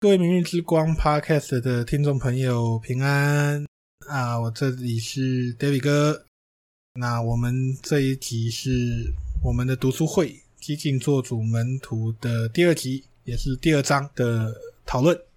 各位《明日之光》Podcast 的聽眾朋友，平安啊！我這裡是 David 哥。那我們這一集是我們的讀書會《激進做主門徒》的第二集，也是第二章的討論。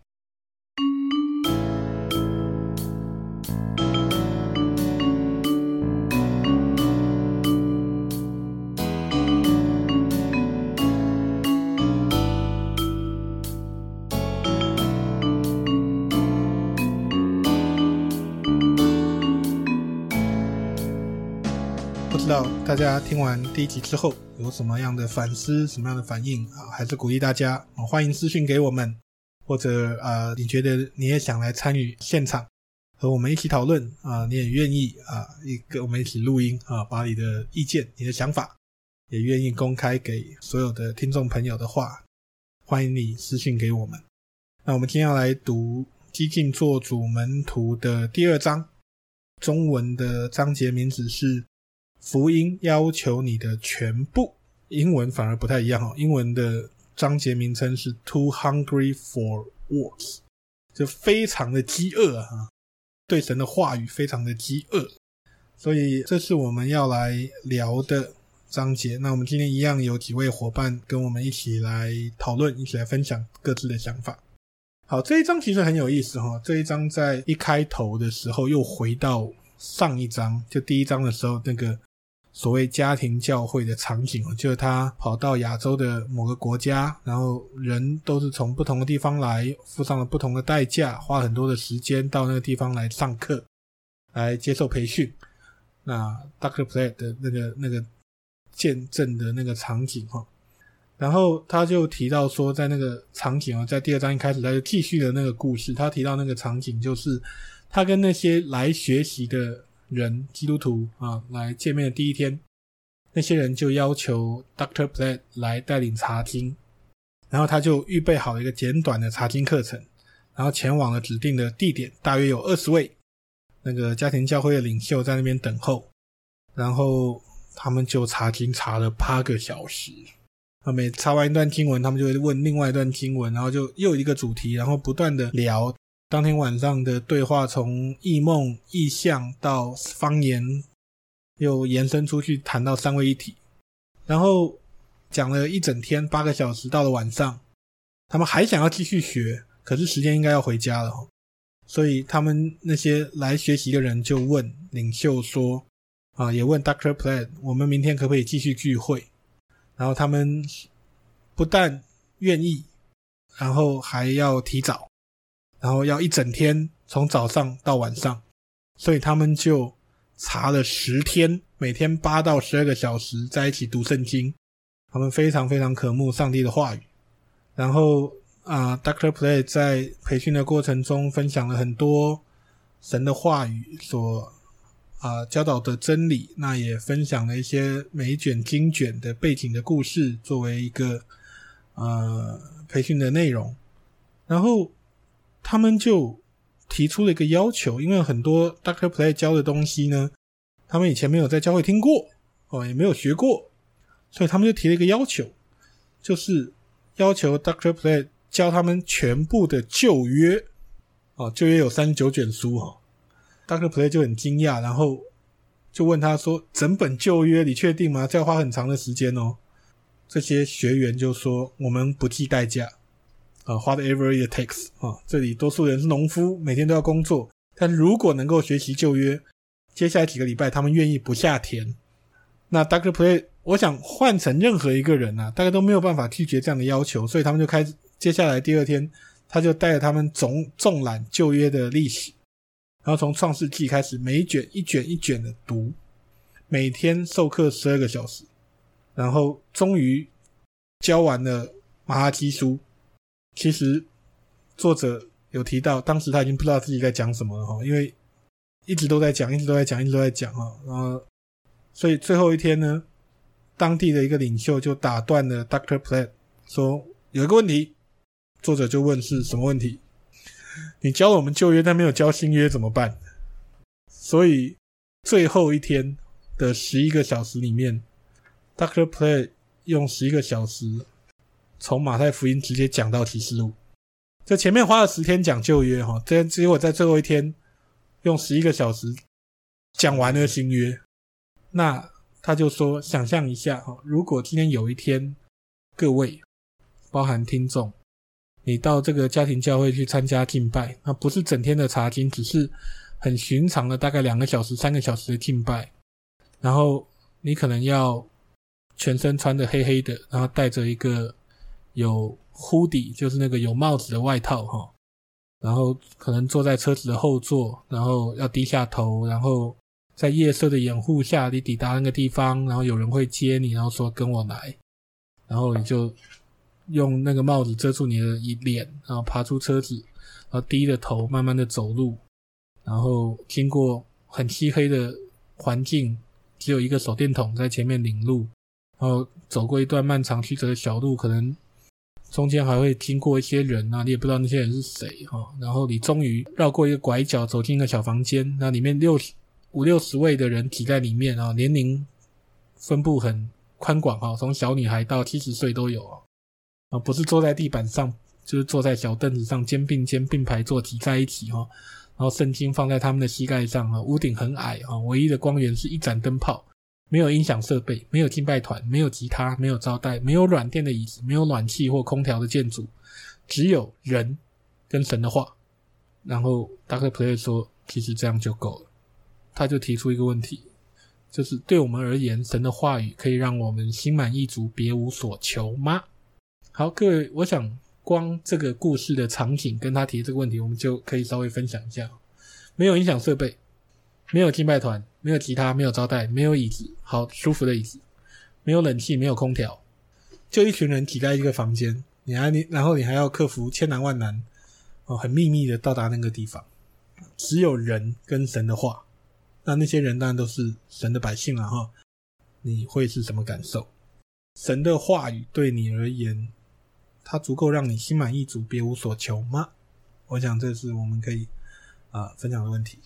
聽完第一集之後，有什麼樣的反思、什麼樣的反應啊？還是鼓勵大家，啊、歡迎私信給我們，或者呃，你覺得你也想來參與現場和我們一起討論啊？你也願意啊，一個我們一起錄音啊，把你的意見、你的想法也願意公開給所有的聽眾朋友的話，歡迎你私信給我們。那我們今天要來讀《激進作主門徒》的第二章，中文的章節名字是。福音要求你的全部，英文反而不太一樣哈、哦。英文的章節名稱是 “Too Hungry for Words”，就非常的飢餓哈、啊，對神的話語非常的飢餓，所以這是我們要來聊的章節。那我們今天一樣有幾位夥伴跟我們一起來討論，一起來分享各自的想法。好，這一章其實很有意思哈、哦。這一章在一開頭的時候又回到上一章，就第一章的時候那個。所謂家庭教會的場景哦，就是他跑到亞洲的某個國家，然後人都是從不同的地方來，付上了不同的代價，花很多的時間到那個地方來上課，來接受培訓。那 Doctor Platt 的那個那個見證的那個場景哈，然後他就提到說，在那個場景哦，在第二章一開始他就繼續的那個故事，他提到那個場景就是他跟那些來學習的。人基督徒啊，來見面的第一天，那些人就要求 Doctor Platt 來帶領查經，然後他就預備好一個簡短的查經課程，然後前往了指定的地點，大約有二十位那個家庭教會的領袖在那邊等候，然後他們就查經查了八個小時，啊，每查完一段經文，他們就會問另外一段經文，然後就又一個主題，然後不斷的聊。當天晚上的對話，從異夢異象到方言，又延伸出去談到三位一體，然後講了一整天八個小時，到了晚上，他們還想要繼續學，可是時間應該要回家了，所以他們那些來學習的人就問領袖說：“啊，也問 Doctor Platt 我們明天可不可以繼續聚會？”然後他們不但願意，然後還要提早。然後要一整天，從早上到晚上，所以他們就查了十天，每天八到十二個小時在一起讀聖經。他們非常非常渴慕上帝的話語。然後啊、呃、，Dr. Platt 在培訓的過程中分享了很多神的話語所啊、呃、教導的真理。那也分享了一些每卷經卷的背景的故事，作為一個呃培訓的內容。然後。他們就提出了一個要求，因為很多 Dr. Platt 教的東西呢，他們以前沒有在教會聽過哦，也沒有學過，所以他們就提了一個要求，就是要求 Dr. Platt 教他們全部的舊約哦，舊約有三十九卷書哈。哦、Dr. Platt 就很驚訝，然後就問他說：“整本舊約你確定嗎？這要花很長的時間哦。”這些學員就說：“我們不計代價。”啊，花的 whatever it takes 啊，這裡多數人是農夫，每天都要工作。但如果能夠學習舊約，接下來幾個禮拜，他們願意不下田。那 Doctor Platt，我想換成任何一個人啊，大家都沒有辦法拒絕這樣的要求，所以他們就開始，接下來第二天，他就帶着他們總種覽舊約的歷史，然後從創世紀開始，每卷一卷一卷，一卷的讀，每天授課十二個小時，然後終於教完了瑪拉基書。其實作者有提到，當時他已經不知道自己在講什麼了哈，因為一直都在講，一直都在講，一直都在講哈，然後所以最後一天呢，當地的一個領袖就打斷了 Dr. Platt，說有一個問題，作者就問是什麼問題？你教了我們舊約，但沒有教新約怎麼辦？所以最後一天的十一個小時裡面，Dr. Platt 用十一個小時。從馬太福音直接講到啟示錄，這前面花了十天講舊約哈，這結果在最後一天用十一個小時講完了新約。那他就說，想象一下哈，如果今天有一天各位，包含聽眾，你到這個家庭教會去參加敬拜，那不是整天的查經，只是很尋常的大概兩個小時、三個小時的敬拜，然後你可能要全身穿的黑黑的，然後帶着一個。有 hoodie, 就是那個有帽子的外套哈，然後可能坐在車子的後座，然後要低下頭，然後在夜色的掩護下，你抵達那個地方，然後有人會接你，然後說跟我來，然後你就用那個帽子遮住你的一臉，然後爬出車子，然後低着頭慢慢的走路，然後經過很漆黑的環境，只有一個手電筒在前面領路，然後走過一段漫長曲折的小路，可能。中間還會經過一些人啊，你也不知道那些人是誰哈。然後你終於繞過一個拐角，走進一個小房間，那裡面六十五六十位的人擠在裡面啊，年齡分布很寬廣哈，從小女孩到七十歲都有啊。啊，不是坐在地板上，就是坐在小凳子上，肩並肩並排坐擠在一起哈。然後聖經放在他們的膝蓋上啊，屋頂很矮啊，唯一的光源是一盞燈泡。沒有音響設備，沒有敬拜團，沒有吉他，沒有招待，沒有軟墊的椅子，沒有暖氣或空調的建築，只有人跟神的話。然後 Dr. Platt 說：“其實這樣就夠了。”他就提出一個問題，就是對我們而言，神的話語可以讓我們心滿意足，別無所求嗎？好，各位，我想光這個故事的場景跟他提這個問題，我們就可以稍微分享一下：沒有音響設備。沒有敬拜團，沒有吉他，沒有招待，沒有椅子，好舒服的椅子。沒有冷氣，沒有空調，就一群人擠在一個房間。你還你，然後你還要克服千難萬難，哦，很祕密的到達那個地方。只有人跟神的話，那那些人當然都是神的百姓了哈。你會是什麼感受？神的話語對你而言，它足夠讓你心滿意足，別無所求嗎？我想這是我們可以啊、呃、分享的問題。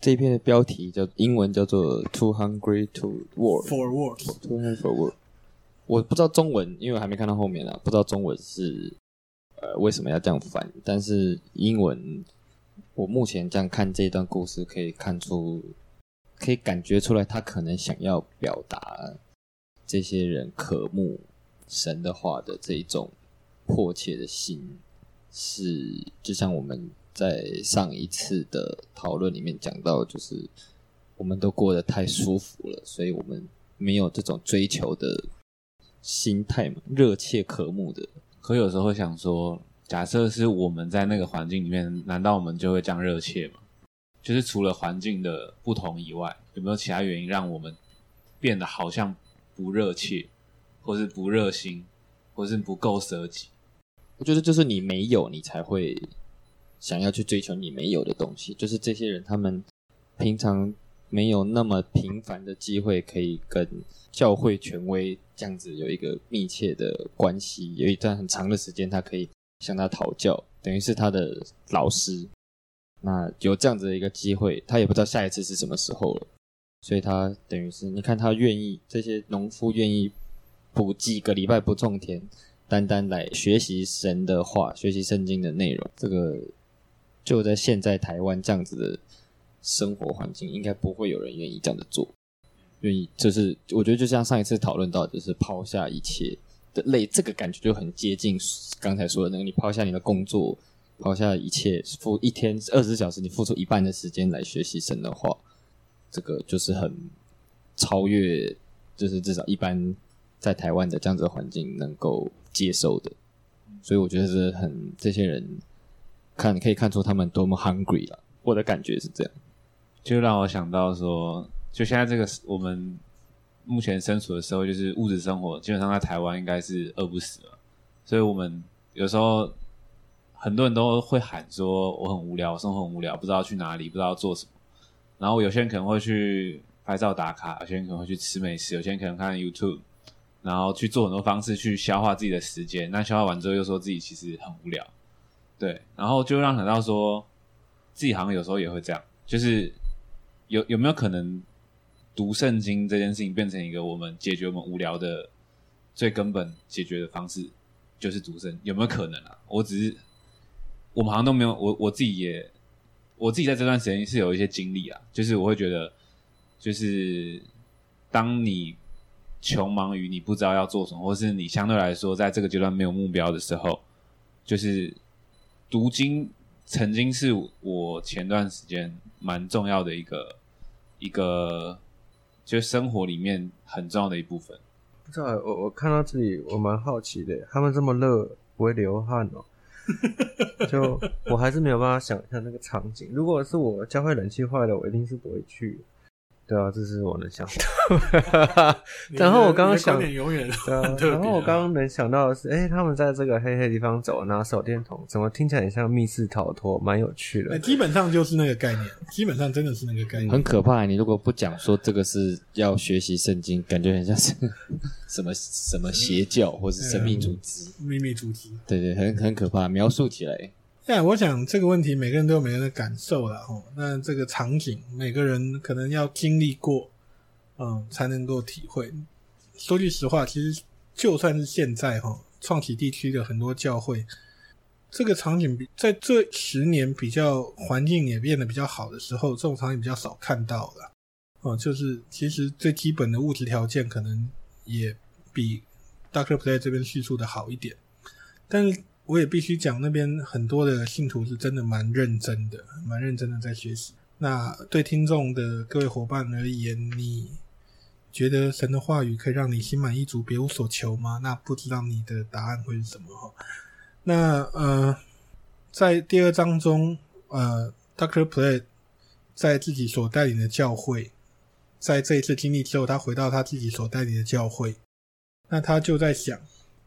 這一篇的標題叫英文叫做 Too hungry for words, for words，too hungry for words. 我不知道中文，因為我還沒看到後面啊，不知道中文是呃為什麼要這樣翻。但是英文，我目前這樣看這一段故事，可以看出，可以感覺出來，他可能想要表達這些人渴慕神的話的這一種迫切的心，是就像我們。在上一次的討論裡面講到，就是我們都過得太舒服了，所以我們沒有這種追求的心態嘛，熱切渴慕的。可有時候會想說，假設是我們在那個環境裡面，難道我們就會這樣熱切嗎？就是除了環境的不同以外，有沒有其他原因讓我們變得好像不熱切，或是不熱心，或是不夠捨己？我覺得就是你沒有，你才會。想要去追求你沒有的東西，就是這些人，他們平常沒有那麼頻繁的機會可以跟教會權威這樣子有一個密切的關係，有一段很長的時間，他可以向他討教，等於是他的老師。那有這樣子的一個機會，他也不知道下一次是什麼時候了，所以他等於是，你看他願意，這些農夫願意補幾個禮拜不種田，單單來學習神的話，學習聖經的內容，這個。就在現在，台灣這樣子的生活環境，應該不會有人願意這樣子做。願意就是，我覺得就像上一次討論到，就是拋下一切的累，這個感覺就很接近剛才說的，那個你拋下你的工作，拋下一切，付一天二十小時，你付出一半的時間來學習神的話，這個就是很超越，就是至少一般在台灣的這樣子的環境能夠接受的。所以我覺得是很這些人。看，你可以看出他們多麼 hungry 啦。我的感覺是這樣，就讓我想到說，就現在這個我們目前身處的時候，就是物質生活基本上在台灣應該是餓不死了。所以我們有時候很多人都會喊說我很無聊，我生活很無聊，不知道去哪裡，不知道做什麼。然後有些人可能會去拍照打卡，有些人可能會去吃美食，有些人可能看 YouTube，然後去做很多方式去消化自己的時間。那消化完之後，又說自己其實很無聊。對，然後就讓他想到說，自己好像有時候也會這樣，就是有有沒有可能讀聖經這件事情變成一個我們解決我們無聊的最根本解決的方式，就是讀聖經，有沒有可能啊？我只是我們好像都沒有，我我自己也我自己在這段時間是有一些經歷啊，就是我會覺得，就是當你窮忙於你不知道要做什麼，或是你相對來說在這個階段沒有目標的時候，就是。讀經曾經是我前段時間蠻重要的一個一個，就生活裡面很重要的一部分。不知道，我我看到這裡我蠻好奇的，他們這麼熱不會流汗哦？就我還是沒有辦法想象那個場景。如果是我教會冷氣壞了，我一定是不會去。對啊，這是我能想到的、 啊。然後我剛剛想，永遠然後我剛剛能想到的是，哎、欸，他們在這個黑黑地方走，拿手電筒，怎麼聽起來像密室逃脫，蠻有趣的、欸。基本上就是那個概念。 基本上真的是那個概念。很可怕、欸，你如果不講說這個是要學習聖經，感覺很像是什麼什麼，什麼邪教秘或是神秘組織、欸、秘密組織對，對對，很很可怕，描述起來。哎，yeah, 我想這個問題每個人都有每個人的感受了哦，那這個場景，每個人可能要經歷過，嗯，才能夠體會。說句實話，其實就算是現在哈、哦，創啟地區的很多教會，這個場景比在這十年比較環境也變得比較好的時候，這種場景比較少看到了。哦，就是其實最基本的物質條件可能也比 David Platt 這邊敘述的好一點，但是。我也必須講，那邊很多的信徒是真的蠻認真的，蠻認真的在學習。那對聽眾的各位伙伴而言，你覺得神的話語可以讓你心滿意足，別無所求嗎？那不知道你的答案會是什麼？那呃，在第二章中，呃，Dr. Platt 在自己所帶領的教會，在這一次經歷之後，他回到他自己所帶領的教會，那他就在想，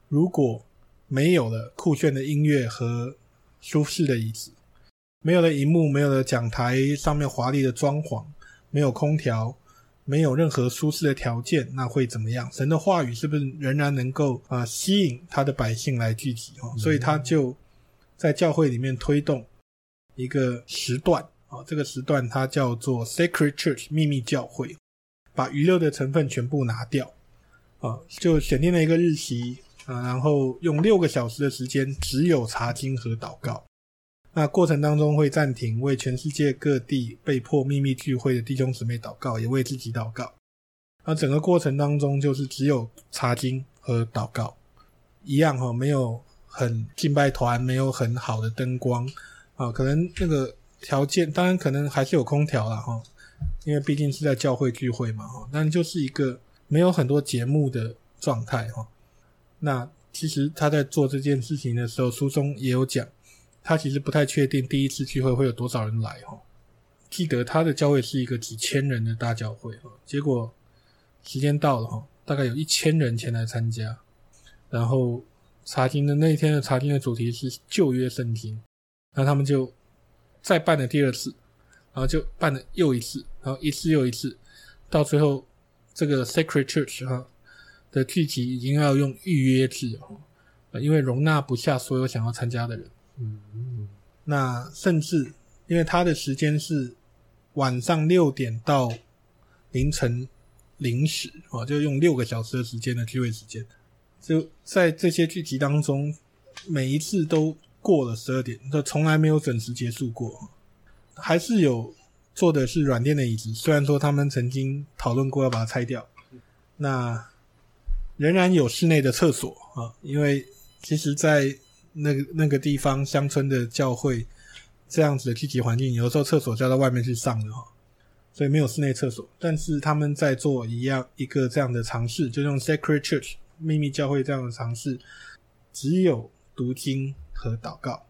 如果。沒有了酷炫的音樂和舒適的椅子，沒有了螢幕，沒有了講台上面華麗的裝潢，沒有空調，沒有任何舒適的條件，那會怎麼樣？神的話語是不是仍然能夠啊、呃、吸引他的百姓來聚集哦？所以他就在教會裡面推動一個時段啊、哦，這個時段他叫做 Secret Church 秘密教會，把娛樂的成分全部拿掉啊、哦，就選定了一個日期。啊，然後用六個小時的時間，只有查經和禱告。那過程當中會暫停，為全世界各地被迫秘密聚會的弟兄姊妹禱告，也為自己禱告。那整個過程當中就是只有查經和禱告，一樣哈，沒有很敬拜團，沒有很好的燈光啊，可能那個條件，當然可能還是有空調了哈，因為畢竟是在教會聚會嘛哈，但就是一個沒有很多節目的狀態哈。那其實他在做這件事情的時候，書中也有講，他其實不太確定第一次聚會會有多少人來哈。記得他的教會是一個幾千人的大教會哈，結果時間到了哈，大概有一千人前來參加。然後查經的那一天的查經的主題是舊約聖經，那他們就再辦了第二次，然後就辦了又一次，然後一次又一次，到最後這個 Secret Church 哈。的聚集已經要用預約制哦，因為容納不下所有想要參加的人。嗯嗯嗯，那甚至因為他的時間是晚上六點到凌晨零時哦，就用六個小時的時間的聚會時間，就在這些聚集當中，每一次都過了十二點，就從來沒有準時結束過。還是有坐的是軟墊的椅子，雖然說他們曾經討論過要把它拆掉，那。仍然有室內的廁所啊，因為其實，在那個那個地方，鄉村的教會這樣子的聚集環境，有的時候廁所叫到外面去上了，所以沒有室內廁所。但是他們在做一樣一個這樣的嘗試，就用 Secret Church 秘密教會這樣的嘗試，只有讀經和禱告，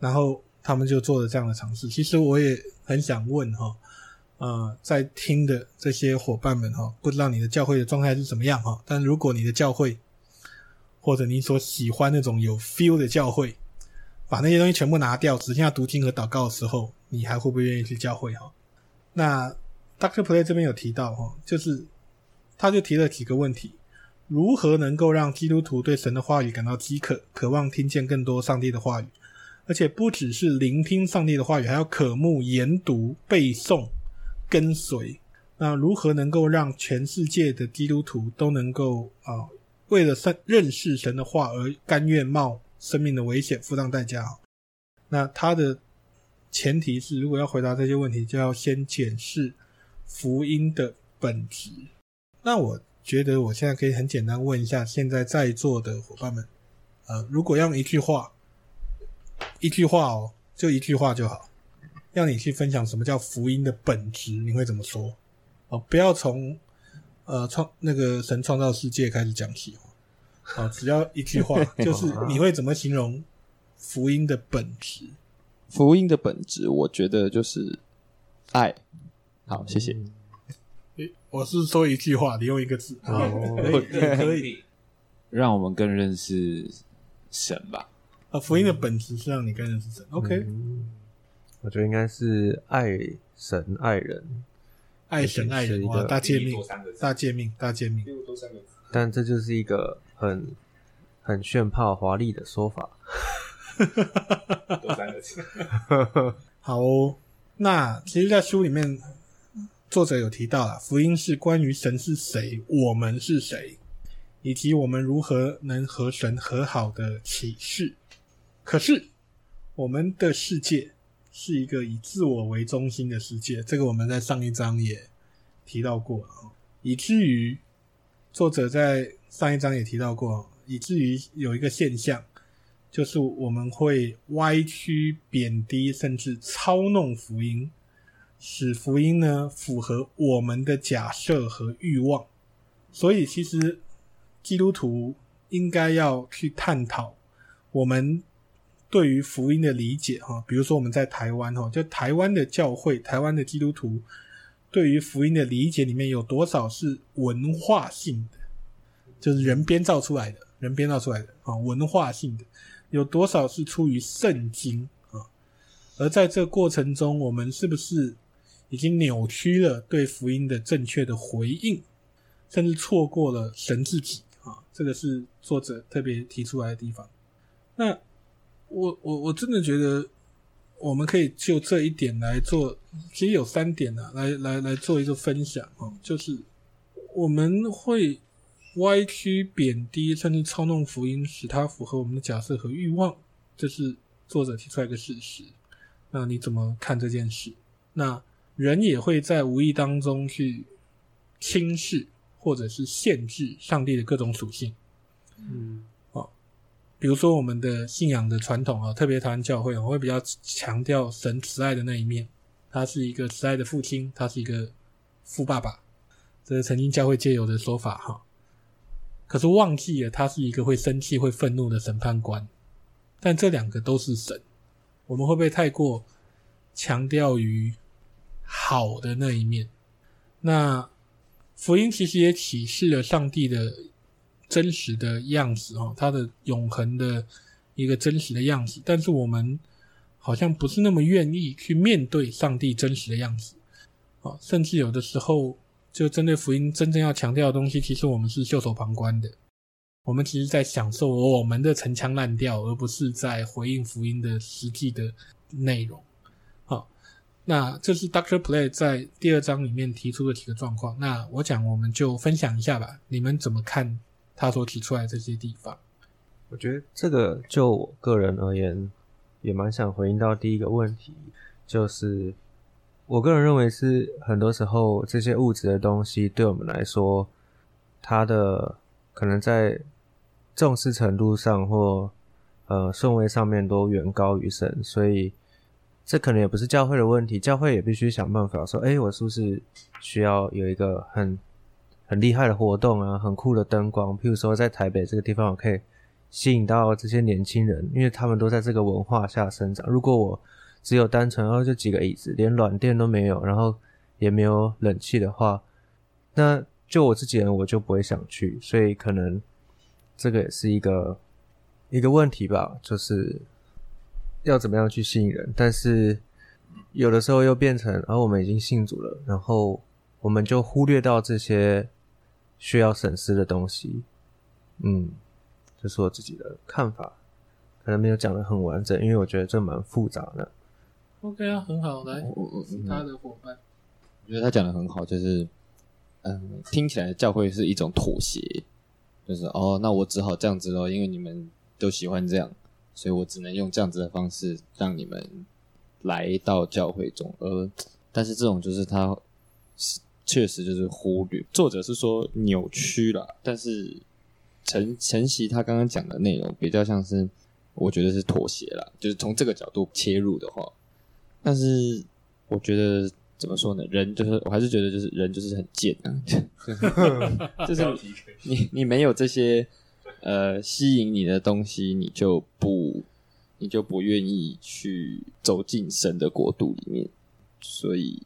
然後他們就做了這樣的嘗試。其實我也很想問哈。呃，在聽的這些夥伴們哈，不知道你的教會的狀態是怎麼樣哈。但如果你的教會或者你所喜歡那種有 feel 的教會，把那些東西全部拿掉，只剩下讀經和禱告的時候，你還會不會願意去教會哈？那 Dr. Platt 這邊有提到哈，就是他就提了幾個問題：如何能夠讓基督徒對神的話語感到飢渴，渴望聽見更多上帝的話語，而且不只是聆聽上帝的話語，還要渴慕研讀背誦。跟隨，那如何能夠讓全世界的基督徒都能夠啊，為了認認識神的話而甘願冒生命的危險、付上代價？那它的前提是，如果要回答這些問題，就要先檢視福音的本質。那我覺得，我現在可以很簡單問一下，現在在座的夥伴們，呃、啊，如果要用一句話，一句話哦，就一句話就好。讓你去分享什麼叫福音的本質，你會怎麼說？哦，不要從呃創那個神創造世界開始講起哦，只要一句話， 就是你會怎麼形容福音的本質？福音的本質，我覺得就是愛。好，謝謝、嗯欸。我是說一句話，你用一個字啊、哦， 可以、可以讓我們更認識神吧？啊，福音的本質是讓你更認識神。嗯、OK、嗯。我覺得應該是愛神愛人，愛神愛人哇！大誡命，大誡命，大誡命。見但這就是一個很很炫炮華麗的說法，多三個字。好、哦，那其實，在書裡面，作者有提到啦、啊，福音是關於神是誰，我們是誰，以及我們如何能和神和好的啟示。可是，我們的世界。是一個以自我為中心的世界，這個我們在上一章也提到過，以至於作者在上一章也提到過，以至於有一個現象，就是我們會歪曲、貶低，甚至操弄福音，使福音呢，符合我們的假設和欲望。所以，其實基督徒應該要去探討我們。對於福音的理解，哈，比如說我們在台灣，哈，就台灣的教會、台灣的基督徒，對於福音的理解裡面有多少是文化性的，就是人編造出來的，人編造出來的啊，文化性的有多少是出於聖經啊？而在這過程中，我們是不是已經扭曲了對福音的正確的回應，甚至錯過了神自己啊？這個是作者特別提出來的地方。那我我我真的覺得，我們可以就這一點來做，其實有三點呢、啊，來來來做一個分享哦，就是我們會歪曲、貶低甚至操弄福音，使它符合我們的假設和欲望，這、就是作者提出來一個事實。那你怎麼看這件事？那人也會在無意當中去輕視或者是限制上帝的各種屬性，嗯。比如說，我們的信仰的傳統啊，特別談教會，我會比較強調神慈愛的那一面，他是一個慈愛的父親，他是一個富爸爸，這是曾經教會界有的說法哈。可是忘記了，他是一個會生氣、會憤怒的審判官。但這兩個都是神，我們會不會太過強調於好的那一面？那福音其實也啟示了上帝的。真實的樣子哦，他的永恆的一個真實的樣子，但是我們好像不是那麼願意去面對上帝真實的樣子，哦，甚至有的時候，就針對福音真正要強調的東西，其實我們是袖手旁觀的，我們其實是在享受我們的陳腔濫調，而不是在回應福音的實際的內容。好，那這是 Doctor Platt 在第二章裡面提出的幾個狀況，那我講我們就分享一下吧，你們怎麼看？他所提出來，這些地方，我覺得這個就我個人而言，也蠻想回應到第一個問題，就是我個人認為是很多時候，這些物質的東西對我們來說，它的可能在重視程度上或呃順位上面都遠高於神，所以這可能也不是教會的問題，教會也必須想辦法說，哎、欸，我是不是需要有一個很。很厲害的活動啊，很酷的燈光。譬如說，在台北這個地方，我可以吸引到這些年輕人，因為他們都在這個文化下生長。如果我只有單純，然後、哦、就幾個椅子，連軟墊都沒有，然後也沒有冷氣的話，那就我自己人我就不會想去。所以，可能這個也是一個一個問題吧，就是要怎麼樣去吸引人。但是，有的時候又變成，而、哦、我們已經信主了，然後我們就忽略到這些。需要審視的東西，嗯，這、就是我自己的看法，可能沒有講得很完整，因為我覺得這蠻複雜的。OK 啊，很好，來、哦哦、是他的夥伴，我覺得他講的很好，就是嗯，聽起來教會是一種妥協，就是哦，那我只好這樣子嘍，因為你們都喜歡這樣，所以我只能用這樣子的方式讓你們來到教會中而，而但是這種就是他。確實就是忽略，作者是說扭曲了，嗯、但是陳陳曦他剛剛講的內容比較像是，我覺得是妥協了，就是從這個角度切入的話，但是我覺得怎麼說呢？人就是我還是覺得就是人就是很賤啊， 就是你你沒有這些呃吸引你的東西，你就不你就不願意去走進神的國度裡面，所以。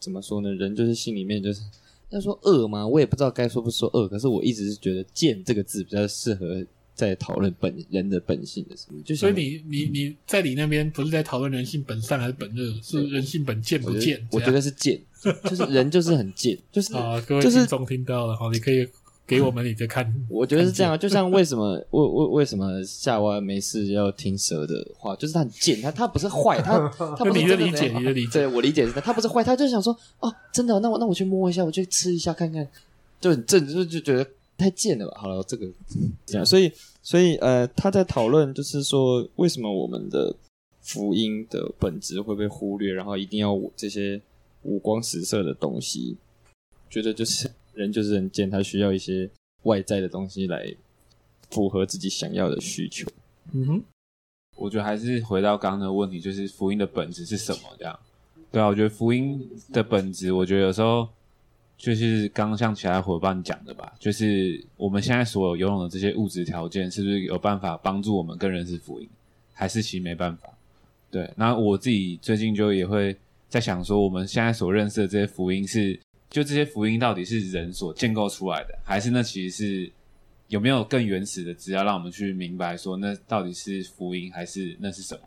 怎麼說呢？人就是心裡面就是，要說惡嗎？我也不知道該說不說惡。可是我一直是覺得“賤”這個字比較適合在討論本人的本性的時候。就所以你你、嗯、你在你那邊不是在討論人性本善還是本惡，對是人性本賤不賤？我覺，樣我覺得是賤，就是人就是很賤， 就是啊，各位聽眾聽到了，好，你可以。給我們你再看，我覺得是這樣，就像為什麼 為為為什麼夏娃沒事要聽蛇的話，就是他很賤，他他不是壞，他 他，他不的就你的理解，啊、你的理解，對我理解是他，不是壞，他就想說哦、啊，真的、啊，那我那我去摸一下，我去吃一下看看，就很正就，就覺得太賤了吧？好了，這個這樣，所以所以呃，他在討論就是說，為什麼我們的福音的本質會被忽略，然後一定要這些五光十色的東西，覺得就是。人就是人賤，他需要一些外在的東西來符合自己想要的需求。嗯哼，我覺得還是回到剛剛的問題，就是福音的本質是什麼？這樣對啊，我覺得福音的本質，我覺得有時候就是剛像其他夥伴講的吧，就是我們現在所有擁有的這些物質條件，是不是有辦法幫助我們更認識福音？還是其實沒辦法？對，那我自己最近就也會在想說，我們現在所認識的這些福音是。就這些福音到底是人所建構出來的，還是那其實是有沒有更原始的資料讓我們去明白說那到底是福音還是那是什麼？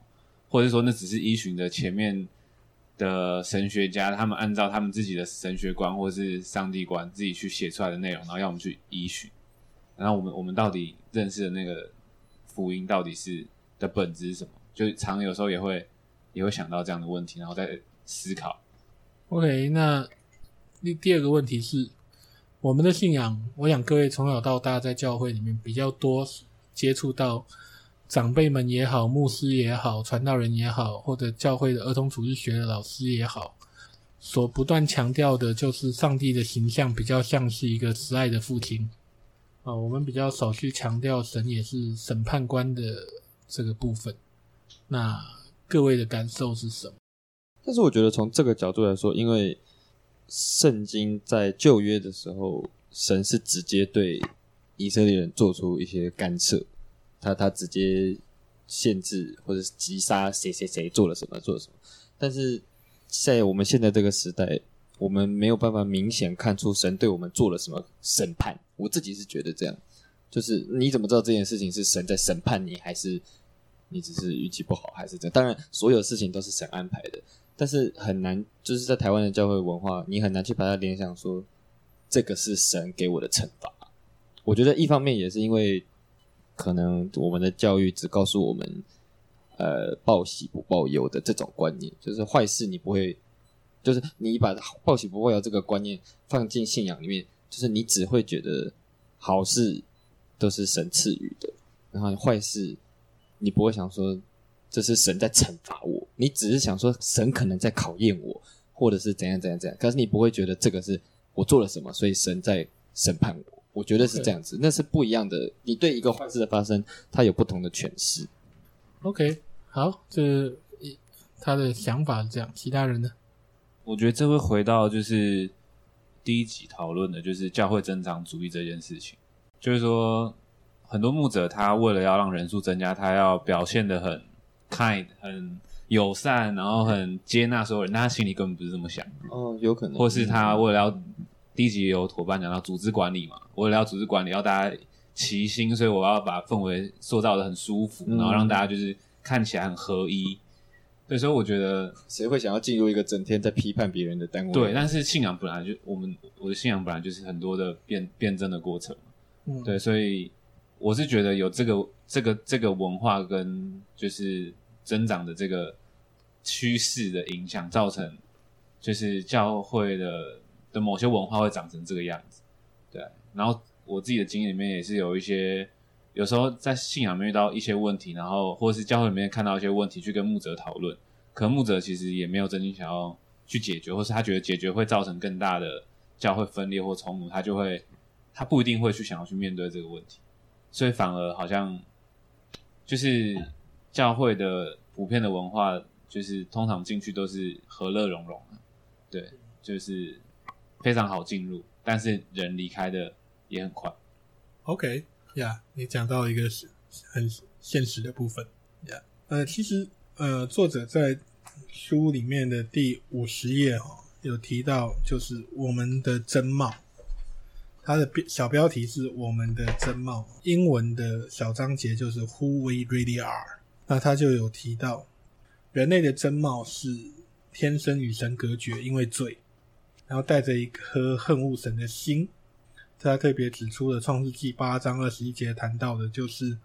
或者是說那只是依循著前面的神學家他們按照他們自己的神學觀或是上帝觀自己去寫出來的內容，然後要我們去依循。然後我們我們到底認識的那個福音到底是的本質是什麼？就常有時候也會也會想到這樣的問題，然後再思考。OK，那。第第二個問題是，我們的信仰，我想各位從小到大在教會裡面比較多接觸到長輩們也好，牧師也好，傳道人也好，或者教會的兒童主日學的老師也好，所不斷強調的，就是上帝的形象比較像是一個慈愛的父親，啊，我們比較少去強調神也是審判官的這個部分。那各位的感受是什麼？但是我覺得從這個角度來說，因為。聖經在舊約的時候，神是直接對以色列人做出一些干涉，他他直接限制或者是擊殺誰誰誰做了什麼做了什麼。但是在我們現在這個時代，我們沒有辦法明顯看出神對我們做了什麼審判。我自己是覺得這樣，就是你怎麼知道這件事情是神在審判你還是？你只是運氣不好還是這樣？當然，所有事情都是神安排的，但是很難，就是在台灣的教會文化，你很難去把它聯想說這個是神給我的懲罰。我覺得一方面也是因為可能我們的教育只告訴我們，呃，報喜不報憂的這種觀念，就是壞事你不會，就是你把報喜不報憂這個觀念放進信仰裡面，就是你只會覺得好事都是神賜予的，然後壞事。你不會想說這是神在懲罰我，你只是想說神可能在考驗我，或者是怎樣怎樣怎樣。可是你不會覺得這個是我做了什麼，所以神在審判我。我覺得是這樣子，Okay. 那是不一樣的。你對一個壞事的發生，它有不同的詮釋。OK，好，這他的想法是這樣，其他人呢？我覺得這會回到就是第一集討論的，就是教會增長主義這件事情，就是說。很多牧者，他為了要讓人數增加，他要表現得很 kind，很友善，然後很接納所有人，那他心裡根本不是這麼想。哦，有可能。或是他為了要第一集、嗯、有夥伴講到組織管理嘛，為了要組織管理，要大家齊心，所以我要把氛圍塑造得很舒服，嗯、然後讓大家就是看起來很合一。所以，所以我覺得誰會想要進入一個整天在批判別人的單位？對，但是信仰本來就我們我的信仰本來就是很多的辯辯證的過程，嗯，對，所以。我是覺得有這個這個這個文化跟就是增長的這個趨勢的影響，造成就是教會的的某些文化會長成這個樣子。對啊，然後我自己的經驗裡面也是有一些，有時候在信仰裡面遇到一些問題，然後或是教會裡面看到一些問題，去跟牧者討論，可能牧者其實也沒有真正想要去解決，或是他覺得解決會造成更大的教會分裂或衝突，他就會他不一定會去想要去面對這個問題。所以反而好像，就是教會的普遍的文化，就是通常進去都是和樂融融的，對，就是非常好進入，但是人離開的也很快。OK，呀、yeah，你講到一個很現實的部分，呀、yeah，呃，其實呃，作者在書裡面的第五十頁哦，有提到就是我們的真貌。他的小標題是“我們的真貌”，英文的小章節就是 “Who We Really Are”。那他就有提到，人類的真貌是天生與神隔絕，因為罪，然後帶着一顆恨惡神的心。他特別指出了《創世紀》八章二十一節談到的就是，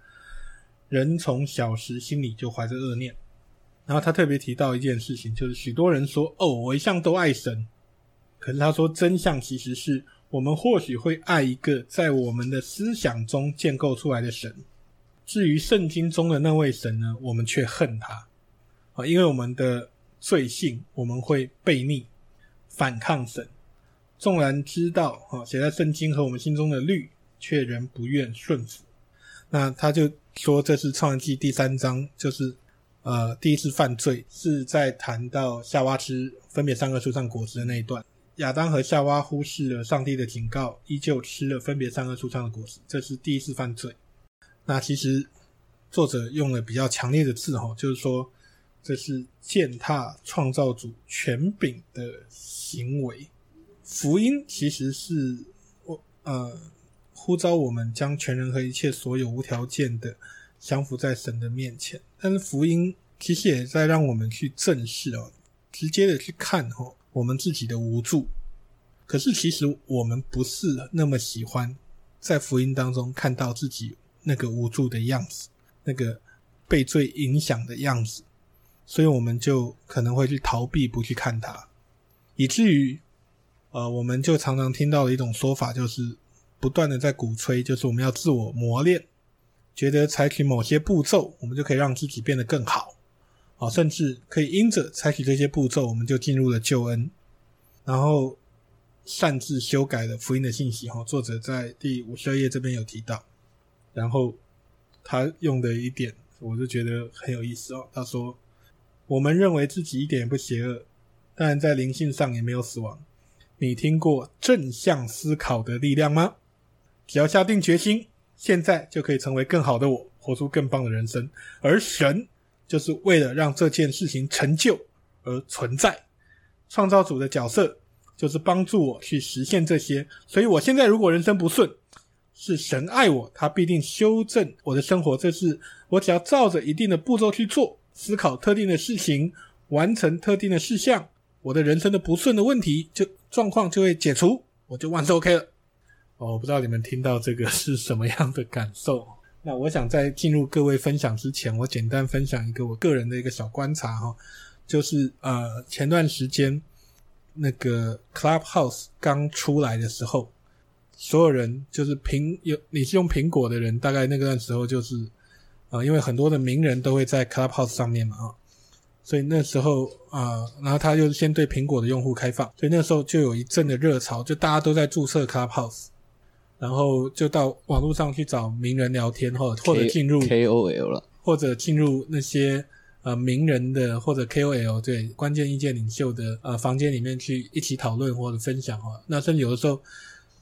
人從小時心裡就懷着惡念。然後他特別提到一件事情，就是許多人說：“哦，我一向都愛神。”可是他說，真相其實是。我們或許會愛一個在我們的思想中建構出來的神，至於聖經中的那位神呢？我們卻恨他啊！因為我們的罪性，我們會悖逆、反抗神。縱然知道啊，寫在聖經和我們心中的律，卻仍不願順服。那他就說，這是創世紀第三章，就是呃，第一次犯罪是在談到夏娃吃分別善惡樹上果實的那一段。亞當和夏娃忽視了上帝的警告，依舊吃了分別善惡樹上的果實，這是第一次犯罪。那其實作者用了比較強烈的字吼，就是說這是踐踏創造主權柄的行為。福音其實是我呃呼召我們將全人和一切所有無條件的降服在神的面前。但是福音其實也在讓我們去正視哦，直接的去看哦。我們自己的無助，可是其實我們不是那麼喜歡在福音當中看到自己那個無助的樣子，那個被罪影響的樣子，所以我們就可能會去逃避，不去看它，以至於，呃，我們就常常聽到的一種說法，就是不斷的在鼓吹，就是我們要自我磨練，覺得採取某些步驟，我們就可以讓自己變得更好。好，甚至可以因着採取這些步驟，我們就進入了救恩。然後擅自修改了福音的信息。哈，作者在第五十二頁這邊有提到。然後他用的一點，我就覺得很有意思哦。他說：“我們認為自己一點也不邪惡，但在靈性上也沒有死亡。你聽過正向思考的力量嗎？只要下定決心，現在就可以成為更好的我，活出更棒的人生。”而神。就是為了讓這件事情成就而存在，創造主的角色就是幫助我去實現這些。所以我現在如果人生不順，是神愛我，他必定修正我的生活。這是我只要照着一定的步驟去做，思考特定的事情，完成特定的事項，我的人生的不順的問題就狀況就會解除，我就萬事 OK 了。哦，我不知道你們聽到這個是什麼樣的感受。那我想在進入各位分享之前，我簡單分享一個我個人的一個小觀察哈、哦，就是呃前段時間那個 Clubhouse 剛出來的時候，所有人就是蘋有你是用蘋果的人，大概那個段時候就是，啊、呃、因為很多的名人都會在 Clubhouse 上面嘛啊，所以那時候啊、呃，然後他就先對蘋果的用戶開放，所以那時候就有一陣的熱潮，就大家都在註冊 Clubhouse。然後就到網絡上去找名人聊天哈，或者進入 KOL 了，或者進入那些呃名人的或者 KOL 對關鍵意見領袖的呃房間裡面去一起討論或者分享哈。那甚至有的時候，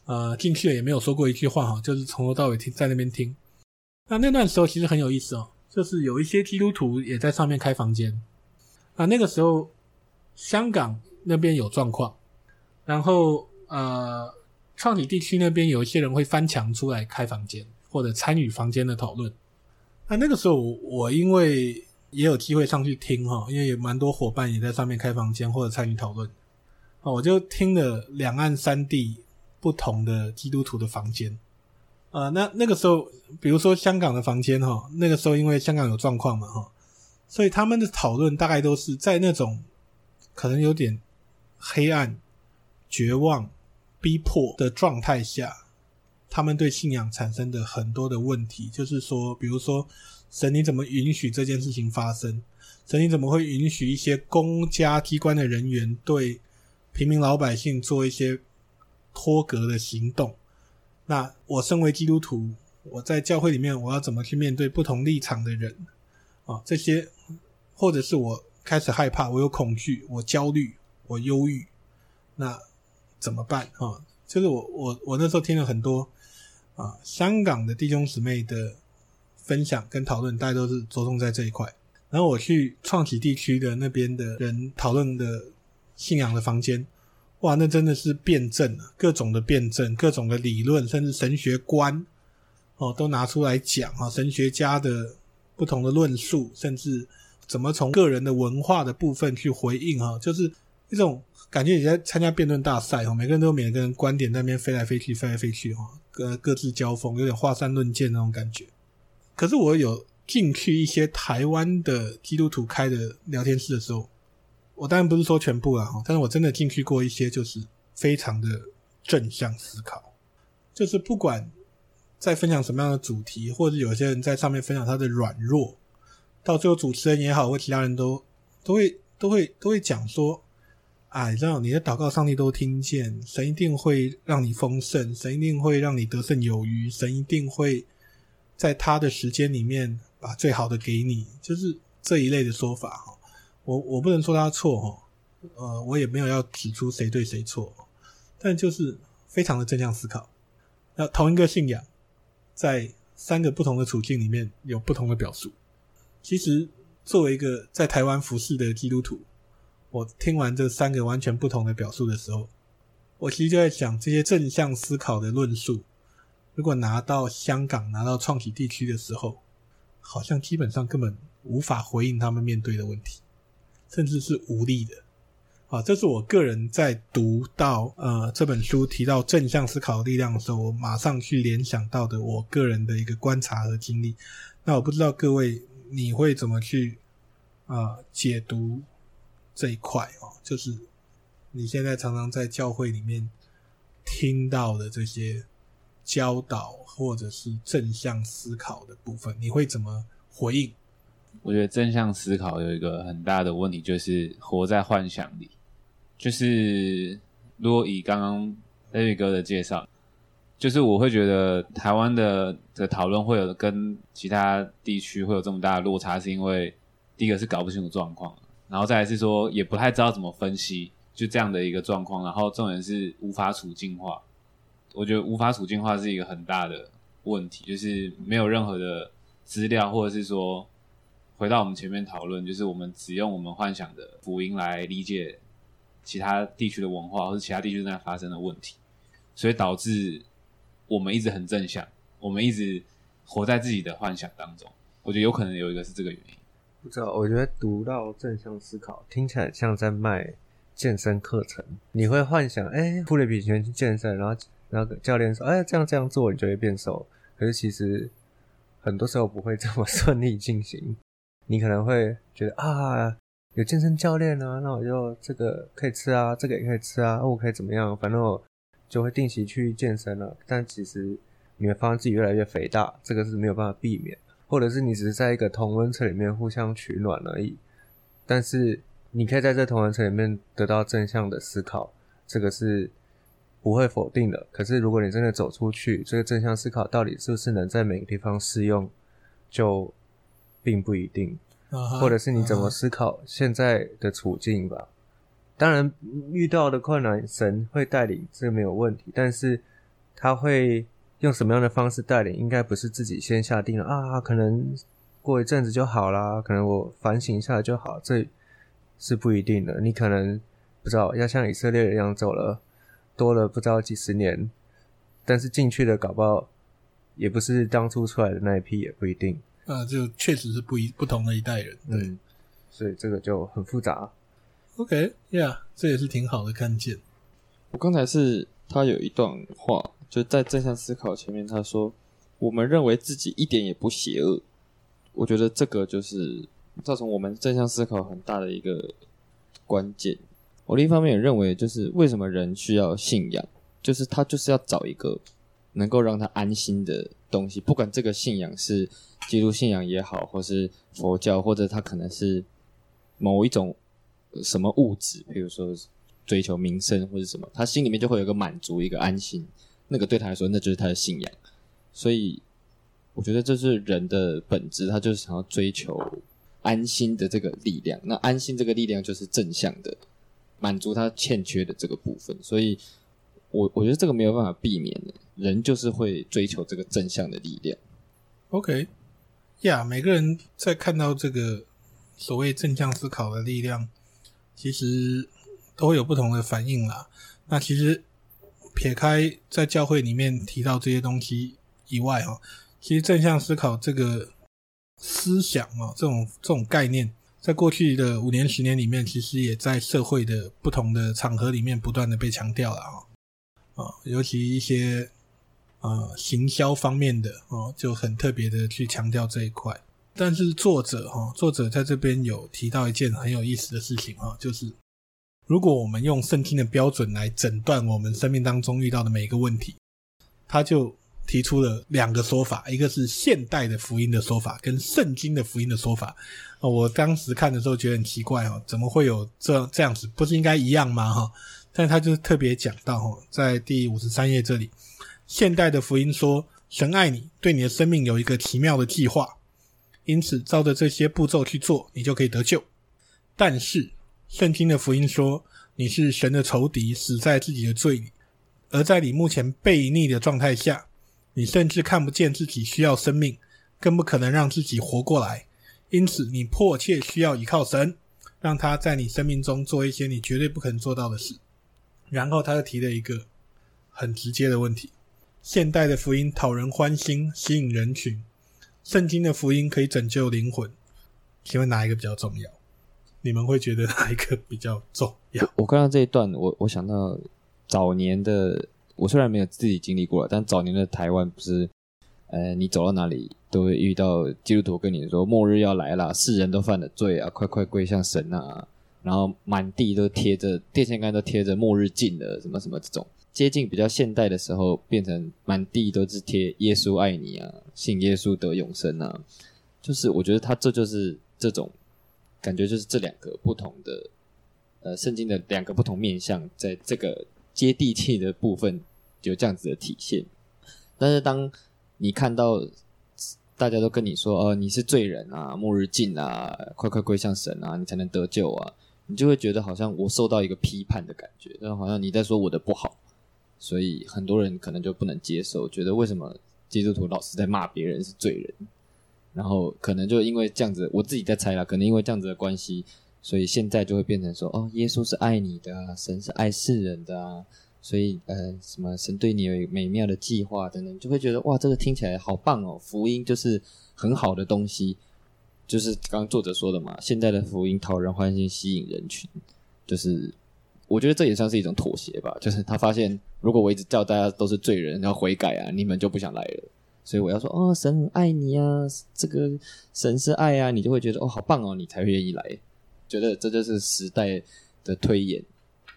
呃進去了也沒有說過一句話哈，就是從頭到尾聽在那邊聽。那那段時候其實很有意思哦，就是有一些基督徒也在上面開房間啊。那，那個時候香港那邊有狀況，然後呃。創啟地區那邊有一些人會翻牆出來開房間，或者參與房間的討論。那那個時候，我因為也有機會上去聽哈，因為有蠻多夥伴也在上面開房間，或者參與討論。我就聽了兩岸三地不同的基督徒的房間啊。那那個時候，比如說香港的房間哈，那個時候因為香港有狀況嘛哈，所以他們的討論大概都是在那種可能有點黑暗、絕望。逼迫的狀態下，他們對信仰產生的很多的問題，就是說，比如說，神你怎麼允許這件事情發生？神你怎麼會允許一些公家機關的人員對平民老百姓做一些脫格的行動？那我身為基督徒，我在教會裡面，我要怎麼去面對不同立場的人啊？哦，這些，或者是我開始害怕，我有恐懼，我焦慮，我憂鬱，那。怎麼辦？哈、哦，就是我我我那時候聽了很多啊，香港的弟兄姊妹的分享跟討論，大家都是着重在這一塊。然後我去創啟地區的那邊的人討論的信仰的房間，哇，那真的是辯證、啊、各種的辯證，各種的理論，甚至神學觀哦，都拿出來講啊、哦，神學家的不同的論述，甚至怎麼從個人的文化的部分去回應哈、哦，就是一種。感覺你在參加辯論大賽哦，每個人都有每個人觀點，在那邊飛來飛去，飛來飛去哦，各各自交鋒，有點華山論劍那種感覺。可是我有進去一些台灣的基督徒開的聊天室的時候，我當然不是說全部啦哈，但是我真的進去過一些，就是非常的正向思考，就是不管在分享什麼樣的主題，或者有些人在上面分享他的軟弱，到最後主持人也好，或其他人都都會都會都會講說。哎，這樣、啊、你，你的禱告，上帝都聽見。神一定會讓你豐盛，神一定會讓你得勝有餘，神一定會在他的時間裡面把最好的給你。就是這一類的說法，我我不能說他錯，呃，我也沒有要指出誰對誰錯，但就是非常的正向思考。那同一個信仰，在三個不同的處境裡面有不同的表述。其實，作為一個在台灣服侍的基督徒。我聽完這三個完全不同的表述的時候，我其實就在想，這些正向思考的論述，如果拿到香港、拿到創啟地區的時候，好像基本上根本無法回應他們面對的問題，甚至是無力的。啊，這是我個人在讀到呃這本書提到正向思考的力量的時候，我馬上去聯想到的我個人的一個觀察和經歷。那我不知道各位你會怎麼去啊、呃、解讀？這一塊哦，就是你現在常常在教會裡面聽到的這些教導，或者是正向思考的部分，你會怎麼回應？我覺得正向思考有一個很大的問題，就是活在幻想裡。就是如果以剛剛 David 哥的介紹，就是我會覺得台灣的的討論會有跟其他地區會有這麼大的落差，是因為第一個是搞不清楚狀況。然後再來是說，也不太知道怎麼分析，就這樣的一個狀況。然後重點是無法處境化，我覺得無法處境化是一個很大的問題，就是沒有任何的資料，或者是說，回到我們前面討論，就是我們只用我們幻想的福音來理解其他地區的文化，或是其他地區正在發生的問題，所以導致我們一直很正向，我們一直活在自己的幻想當中。我覺得有可能有一個是這個原因。不知道，我覺得讀到正向思考聽起來像在賣健身課程。你會幻想，哎，付了筆錢去健身，然後然後教練說，哎，這樣這樣做你就會變瘦。可是其實很多時候不會這麼順利進行。你可能會覺得啊，有健身教練啊，那我就這個可以吃啊，這個也可以吃啊，我可以怎麼樣？反正我就會定期去健身了。但其實你會發現自己越來越肥大，這個是沒有辦法避免。或者是你只是在一個同溫層裡面互相取暖而已，但是你可以在這同溫層裡面得到正向的思考，這個是不會否定的。可是如果你真的走出去，這個正向思考到底是不是能在每個地方適用，就並不一定。或者是你怎麼思考現在的處境吧。當然遇到的困難，神會帶領，這沒有問題。但是他會。用什麼樣的方式帶領，應該不是自己先下定了啊，可能過一陣子就好啦，可能我反省一下就好，這是不一定的。你可能不知道，要像以色列一樣走了多了，不知道幾十年，但是進去的搞不好也不是當初出來的那一批，也不一定。啊，這個確實是不一不同的一代人，對、嗯，所以這個就很複雜。OK，Yeah，、okay, 這也是挺好的看見。我剛才是他有一段話。就在正向思考前面，他說：“我們認為自己一點也不邪惡。”我覺得這個就是造成我們正向思考很大的一個關鍵。我另一方面也認為，就是為什麼人需要信仰，就是他就是要找一個能夠讓他安心的東西，不管這個信仰是基督信仰也好，或是佛教，或者他可能是某一種什麼物質，比如說追求名聲或者什麼，他心裡面就會有一個滿足，一個安心。那個對他來說，那就是他的信仰，所以我覺得這是人的本質，他就是想要追求安心的這個力量。那安心這個力量就是正向的，滿足他欠缺的這個部分。所以，我我覺得這個沒有辦法避免，人就是會追求這個正向的力量。OK，呀，yeah，每個人在看到這個所謂正向思考的力量，其實都會有不同的反應啦。那其實。撇開在教會裡面提到這些東西以外哈，其實正向思考這個思想啊，這種這種概念，在過去的五年、十年裡面，其實也在社會的不同的場合裡面不斷的被強調了啊啊，尤其一些行銷方面的哦，就很特別的去強調這一塊。但是作者哈，作者在這邊有提到一件很有意思的事情哈，就是。如果我們用聖經的標準來診斷我們生命當中遇到的每一個問題，他就提出了兩個說法，一個是現代的福音的說法，跟聖經的福音的說法。我當時看的時候覺得很奇怪哦，怎麼會有這這樣子？不是應該一樣嗎？哈，但他就是特別講到哦，在第五十三頁這裡，現代的福音說，神愛你，對你的生命有一個奇妙的計劃，因此照着這些步驟去做，你就可以得救。但是。聖經的福音說，你是神的仇敵，死在自己的罪裡；而在你目前悖逆的狀態下，你甚至看不見自己需要生命，更不可能讓自己活過來。因此，你迫切需要依靠神，讓他在你生命中做一些你絕對不可能做到的事。然後他又提了一個很直接的問題：現代的福音討人歡心，吸引人群；聖經的福音可以拯救靈魂，請問哪一個比較重要？你們會覺得哪一個比較重要？我剛剛這一段，我我想到早年的，我雖然沒有自己經歷過了，但早年的台灣不是，呃，你走到哪裡都會遇到基督徒跟你說末日要來了，世人都犯了罪啊，快快歸向神啊，然後滿地都貼着電線桿都貼着末日近了什麼什麼這種。接近比較現代的時候，變成滿地都是貼耶穌愛你啊，信耶穌得永生啊，就是我覺得他這就是這種。感覺就是這兩個不同的，呃，聖經的兩個不同面向，在這個接地氣的部分有這樣子的體現。但是當你看到大家都跟你說，呃、哦，你是罪人啊，末日近啊，快快歸向神啊，你才能得救啊，你就會覺得好像我受到一個批判的感覺，好像你在說我的不好，所以很多人可能就不能接受，覺得為什麼基督徒老是在罵別人是罪人。然後可能就因為這樣子，我自己在猜啦，可能因為這樣子的關係，所以現在就會變成說，哦，耶穌是愛你的啊，神是愛世人的啊，所以呃，什麼神對你有美妙的計劃等等，你就會覺得哇，這個聽起來好棒哦，福音就是很好的東西，就是剛剛作者說的嘛，現在的福音討人歡心，吸引人群，就是我覺得這也算是一種妥協吧，就是他發現，如果我一直叫大家都是罪人然後悔改啊，你們就不想來了。所以我要說，哦，神很愛你啊，這個神是愛啊，你就會覺得哦，好棒哦，你才願意來，覺得這就是時代的推演，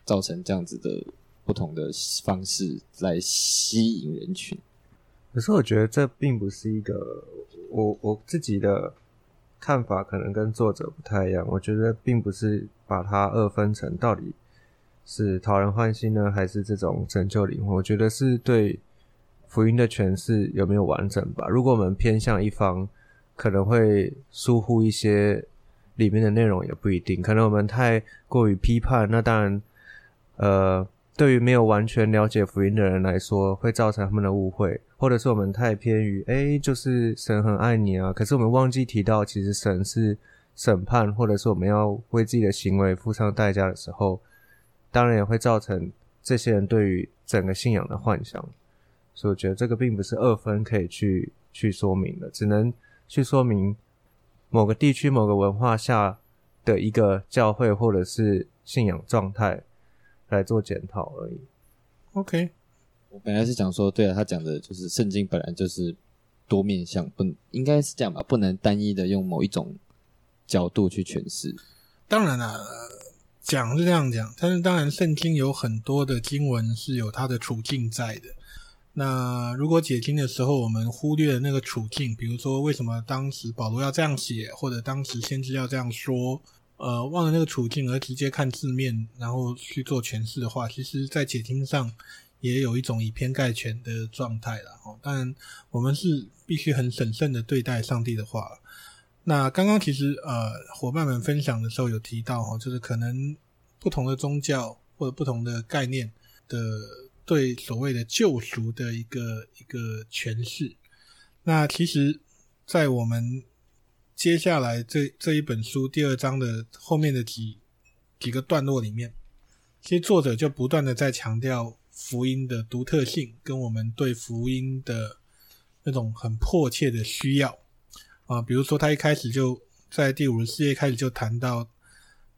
造成這樣子的不同的方式來吸引人群。可是我覺得這並不是一個我我，自己的看法，可能跟作者不太一樣。我覺得並不是把它二分成到底是討人歡心呢，還是這種成就靈魂？我覺得是對。福音的詮釋有沒有完整吧？如果我們偏向一方，可能會疏忽一些裡面的內容，也不一定。可能我們太過於批判，那當然，呃，對於沒有完全了解福音的人來說，會造成他們的誤會。或者是我們太偏於，哎、欸，就是神很愛你啊，可是我們忘記提到，其實神是審判，或者是我們要為自己的行為付上代價的時候，當然也會造成這些人對於整個信仰的幻想。所以我覺得這個並不是二分可以去去說明的，只能去說明某個地區、某個文化下的一個教會或者是信仰狀態來做檢討而已。OK，我本來是想說，對啊，他講的就是聖經本來就是多面向，不應該是這樣吧？不能單一的用某一種角度去詮釋。當然了、啊呃，講是這樣講，但是當然，聖經有很多的經文是有它的處境在的。那如果解經的時候，我們忽略了那個處境，比如說為什麼當時保羅要這樣寫，或者當時先知要這樣說，呃，忘了那個處境而直接看字面，然後去做詮釋的話，其實，在解經上也有一種以偏概全的狀態了。哦，但我們是必須很審慎的對待上帝的話。那剛剛其實呃，夥伴們分享的時候有提到，哦，就是可能不同的宗教或者不同的概念的。對所謂的救贖的一個一個詮釋。那其實，在我們接下來這這一本書第二章的後面的幾幾個段落裡面，其實作者就不斷的在強調福音的獨特性跟我們對福音的那種很迫切的需要啊。比如說，他一開始就在第五十四頁開始就談到。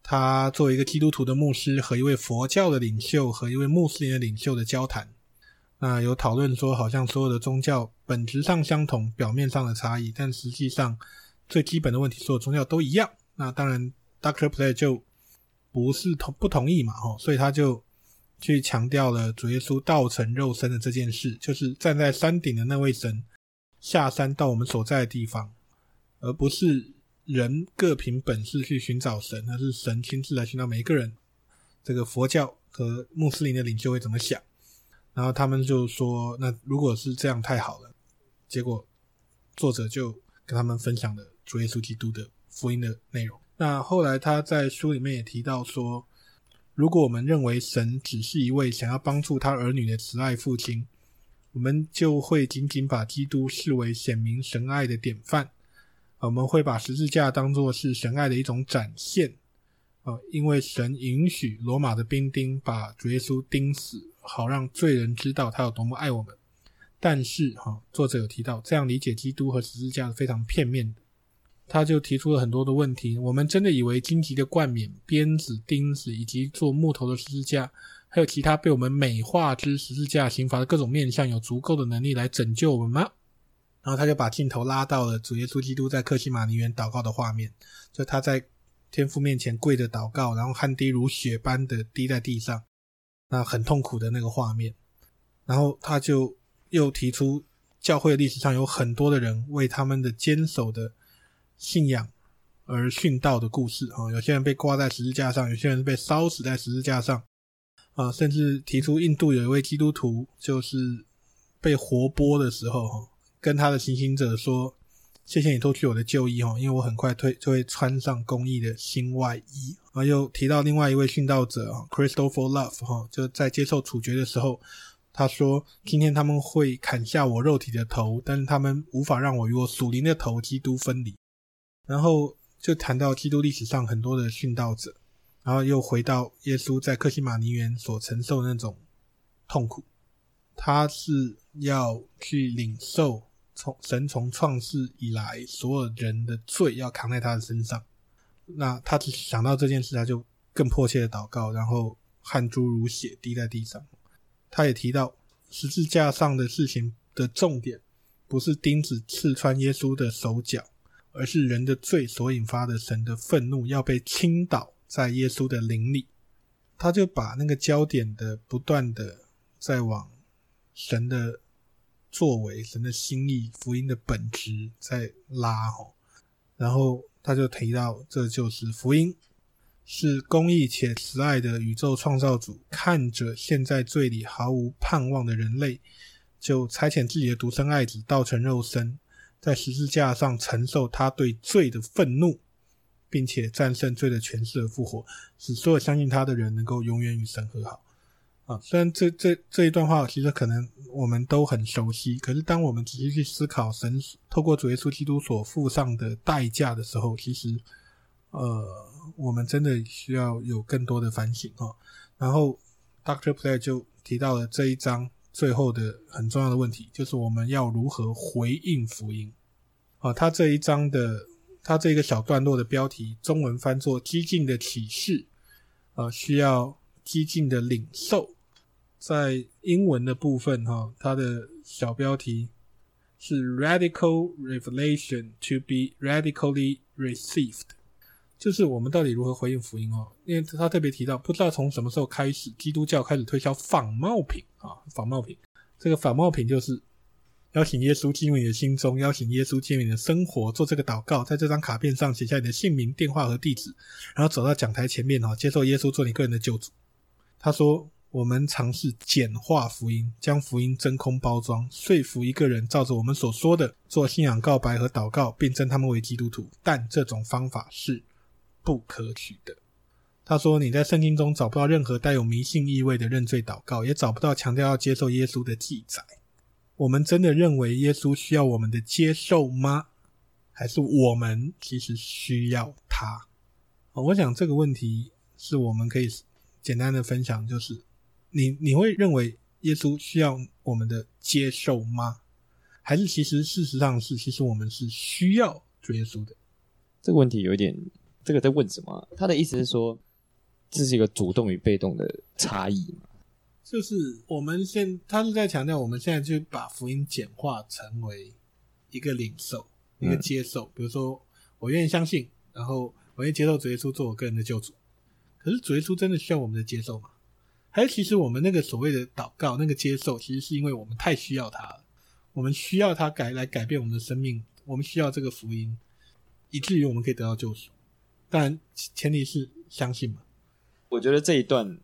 他作為一個基督徒的牧師，和一位佛教的領袖，和一位穆斯林的領袖的交談，那有討論說，好像所有的宗教本質上相同，表面上的差異，但實際上最基本的問題，所有宗教都一樣。那當然，Dr. Platt 就不是同不同意嘛，吼，所以他就去強調了主耶穌道成肉身的這件事，就是站在山頂的那位神下山到我們所在的地方，而不是。人各憑本事去尋找神，那是神親自來尋找每一個人。這個佛教和穆斯林的領袖會怎麼想？然後他們就說：“那如果是這樣，太好了。”結果作者就跟他們分享了主耶穌基督的福音的內容。那後來他在書裡面也提到說：“如果我們認為神只是一位想要幫助他兒女的慈愛父親，我們就會僅僅把基督視為顯明神愛的典範。”啊、我們會把十字架當做是神愛的一種展現，啊，因為神允許羅馬的兵丁把主耶穌釘死，好讓罪人知道他有多麼愛我們。但是，哈、啊，作者有提到這樣理解基督和十字架是非常片面的。他就提出了很多的問題：我們真的以為荊棘的冠冕、鞭子、釘子，以及做木頭的十字架，還有其他被我們美化之十字架刑罰的各種面向，有足夠的能力來拯救我們嗎？然後他就把鏡頭拉到了主耶穌基督在客西馬尼園禱告的畫面，就他在天父面前跪着禱告，然後汗滴如血般的滴在地上，那很痛苦的那個畫面。然後他就又提出，教會歷史上有很多的人為他們的堅守的信仰而殉道的故事啊，有些人被掛在十字架上，有些人被燒死在十字架上啊，甚至提出印度有一位基督徒就是被活剝的時候。跟他的行刑者說：“謝謝你偷去我的舊衣哦，因為我很快推就會穿上公義的新外衣。”然後又提到另外一位殉道者哈，Christopher Love 哈，就在接受處決的時候，他說：“今天他們會砍下我肉體的頭，但是他們無法讓我與我屬靈的頭基督分離。”然後就談到基督歷史上很多的殉道者，然後又回到耶穌在客西馬尼園所承受的那種痛苦，他是要去領受。從神從創世以來，所有人的罪要扛在他的身上。那他只想到這件事，他就更迫切的禱告，然後汗珠如血滴在地上。他也提到十字架上的事情的重點，不是釘子刺穿耶穌的手腳，而是人的罪所引發的神的憤怒要被傾倒在耶穌的靈裡。他就把那個焦點的不斷的在往神的。作為神的心意，福音的本質在拉吼，然後他就提到，這就是福音，是公義且慈愛的宇宙創造主看着陷在罪裡毫無盼望的人類，就差遣自己的獨生愛子道成肉身，在十字架上承受他對罪的憤怒，並且戰勝罪的權勢而復活，使所有相信他的人能夠永遠與神和好。啊、雖然這這這一段話，其實可能我們都很熟悉，可是當我們仔細去思考神透過主耶穌基督所付上的代價的時候，其實呃，我們真的需要有更多的反省哦、啊。然後，Dr. Platt 就提到了這一章最後的很重要的問題，就是我們要如何回應福音啊。他這一章的他這一個小段落的標題，中文翻作“激進的啟示”，呃、啊，需要激進的領受。在英文的部分，哈，它的小標題是 “Radical Revelation to be radically received”，就是我們到底如何回應福音哦？因為他特別提到，不知道從什麼時候開始，基督教開始推銷仿冒品啊，仿冒品。這個仿冒品就是邀請耶穌進入你的心中，邀請耶穌進入你的生活，做這個禱告，在這張卡片上寫下你的姓名、電話和地址，然後走到講台前面，哈，接受耶穌做你個人的救主。他說。我們嘗試簡化福音，將福音真空包裝，說服一個人照着我們所說的做信仰告白和禱告，並稱他們為基督徒。但這種方法是不可取的。他說：“你在聖經中找不到任何帶有迷信意味的認罪禱告，也找不到強調要接受耶穌的記載。我們真的認為耶穌需要我們的接受嗎？還是我們其實需要他？”哦，我想這個問題是我們可以簡單的分享，就是。你你會認為耶穌需要我們的接受嗎？還是其實事實上是，其實我們是需要主耶穌的？這個問題有一點，這個在問什麼？他的意思是說，嗯、這是一個主動與被動的差異嗎？就是我們現他是在強調，我們現在就把福音簡化成為一個領受、嗯、一個接受，比如說我願意相信，然後我願意接受主耶穌做我個人的救主。可是主耶穌真的需要我們的接受嗎？還有，其實我們那個所謂的禱告，那個接受，其實是因為我們太需要他了。我們需要他改來改變我們的生命，我們需要這個福音，以至於我們可以得到救贖。當然，前提是相信嘛。我覺得這一段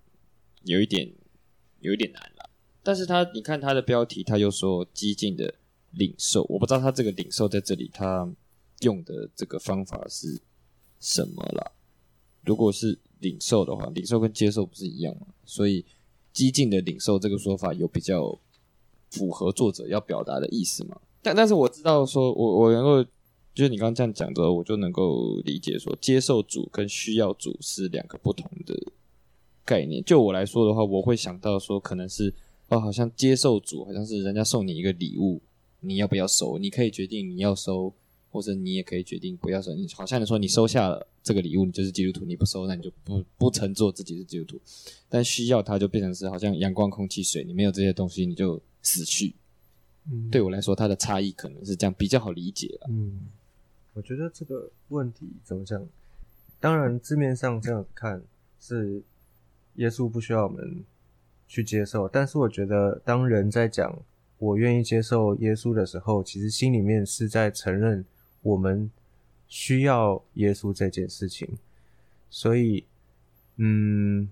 有一點有一點難了。但是他，你看他的標題，他又說激進的領受。我不知道他這個領受在這裡，他用的這個方法是什麼啦？如果是領受的話，領受跟接受不是一樣嗎？所以激進的領受這個說法有比較符合作者要表達的意思嗎？但但是我知道說，我我能夠，就是你剛剛這樣講的，我就能夠理解說，接受主跟需要主是兩個不同的概念。就我來說的話，我會想到說，可能是哦，好像接受主好像是人家送你一個禮物，你要不要收？你可以決定你要收。或者你也可以決定不要說，你好像你說你收下了這個禮物，你就是基督徒；你不收，那你就不不稱作自己是基督徒。但需要它就變成是好像陽光、空氣、水，你沒有這些東西你就死去。對我來說，它的差異可能是這樣比較好理解了。嗯，我覺得這個問題怎麼講？當然字面上這樣看是耶穌不需要我們去接受，但是我覺得當人在講我願意接受耶穌的時候，其實心裡面是在承認。我們需要耶穌這件事情，所以，嗯，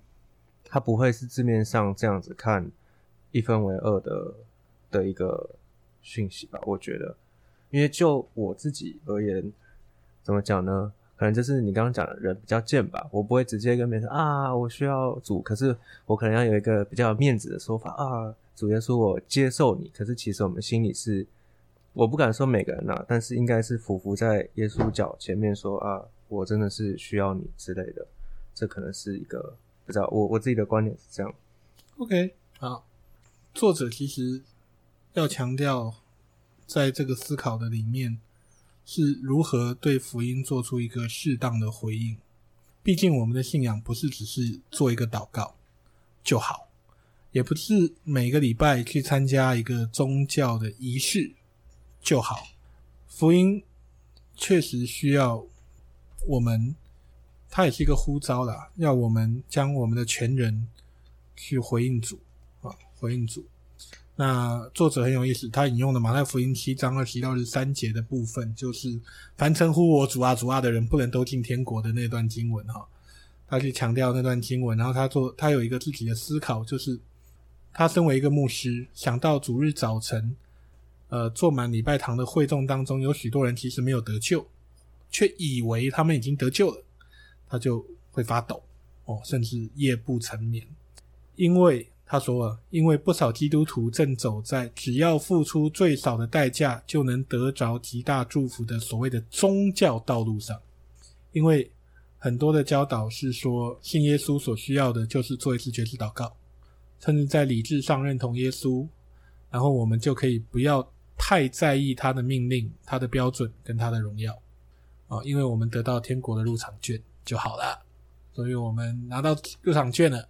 他不會是字面上這樣子看一分為二的的一個訊息吧？我覺得，因為就我自己而言，怎麼講呢？可能就是你剛剛講的人比較賤吧。我不會直接跟別人說，啊，我需要主，可是我可能要有一個比較有面子的說法啊。主耶穌，我接受你，可是其實我們心裡是。我不敢說每個人吶、啊，但是應該是匍匐在耶穌腳前面說，說啊，我真的是需要你之類的。這可能是一個，不知道我我自己的觀點是這樣。OK，好，作者其實要強調，在這個思考的裡面，是如何對福音做出一個適當的回應。畢竟我們的信仰不是只是做一個禱告就好，也不是每個禮拜去參加一個宗教的儀式。就好，福音確實需要我們，它也是一個呼召啦，要我們將我們的全人去回應主啊，回應主。那作者很有意思，他引用了馬太福音七章二十一到二十三節的部分，就是凡稱呼我主啊主啊的人，不能都進天國的那段經文哈、啊。他去強調那段經文，然後他做他有一個自己的思考，就是他身為一個牧師，想到主日早晨。呃，坐滿禮拜堂的會眾當中，有許多人其實沒有得救，卻以為他們已經得救了，他就會發抖哦，甚至夜不成眠，因為他說了，因為不少基督徒正走在只要付出最少的代價就能得着極大祝福的所謂的宗教道路上，因為很多的教導是說，信耶穌所需要的就是做一次決志禱告，甚至在理智上認同耶穌，然後我們就可以不要。太在意他的命令、他的標準跟他的榮耀啊、哦，因為我們得到天國的入場券就好了。所以我們拿到入場券了，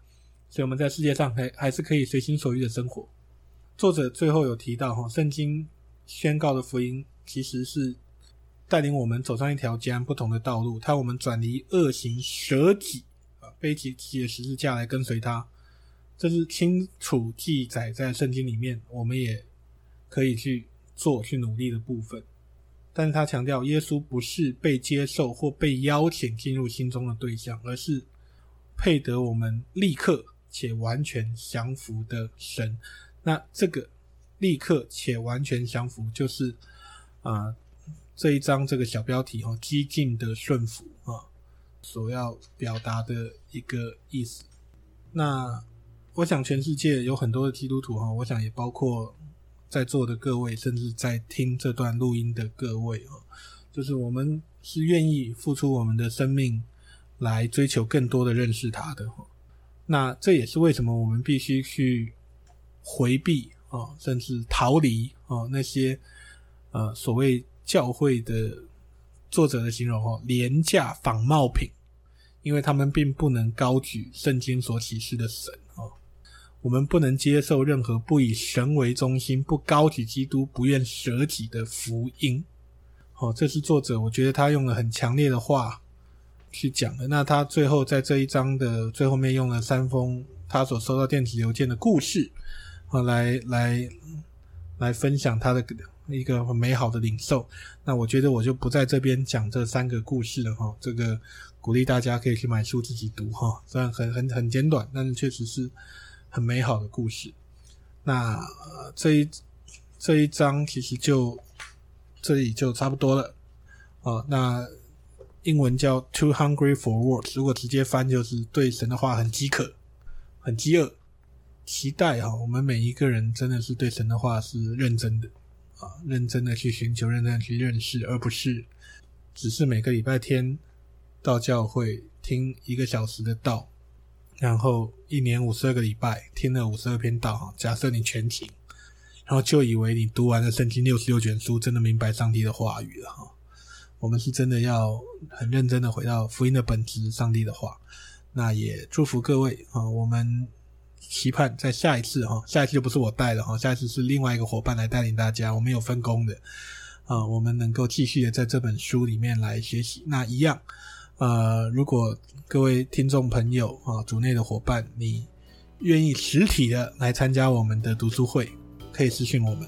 所以我們在世界上還還是可以隨心所欲的生活。作者最後有提到哈，聖、哦、經宣告的福音其實是帶領我們走上一條截然不同的道路，他我們轉離惡行舌、舍己啊，背起自己的十字架來跟隨他，這是清楚記載在聖經裡面，我們也可以去。做，去努力的部分，但是他強調，耶穌不是被接受或被邀請進入心中的對象，而是配得我們立刻且完全降服的神。那這個立刻且完全降服，就是啊這一章這個小標題哈、哦，激進的順服啊、哦，所要表達的一個意思。那我想全世界有很多的基督徒哈、哦，我想也包括。在座的各位，甚至在聽這段錄音的各位哦，就是我們是願意付出我們的生命來追求更多的認識他的。那這也是為什麼我們必須去回避哦，甚至逃離哦，那些呃所謂教會的作者的形容哦，廉價仿冒品，因為他們並不能高舉聖經所啟示的神。我們不能接受任何不以神為中心、不高舉基督、不願捨己的福音。好、哦，這是作者，我覺得他用了很強烈的話去講的。那他最後在這一章的最後面用了三封他所收到電子郵件的故事，哦、來來來分享他的一個美好的領受。那我覺得我就不在這邊講這三個故事了。哈、哦，這個鼓勵大家可以去買書自己讀。哈、哦，雖然很很很簡短，但是確實是。很美好的故事。那這一這一章其實就這裡就差不多了哦，那英文叫 “Too hungry for words”，如果直接翻就是對神的話很飢渴、很飢餓、期待啊、哦。我們每一個人真的是對神的話是認真的啊、哦，認真的去尋求、認真的去認識，而不是只是每個禮拜天到教會聽一個小時的道。然後一年五十二個禮拜聽了五十二篇道，假設你全勤，然後就以為你讀完了聖經六十六卷書，真的明白上帝的話語了哈。我們是真的要很認真的回到福音的本質，上帝的話。那也祝福各位啊，我們期盼在下一次哈，下一次就不是我帶了哈，下一次是另外一個夥伴來帶領大家。我們有分工的啊，我們能夠繼續的在這本書裡面來學習。那一樣。呃，如果各位聽眾朋友啊，組內的夥伴，你願意實體的來參加我們的讀書會，可以私訊我們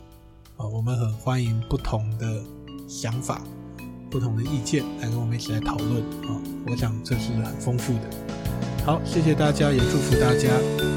啊，我們很歡迎不同的想法、不同的意見來跟我們一起來討論啊，我想這是很豐富的。好，謝謝大家，也祝福大家。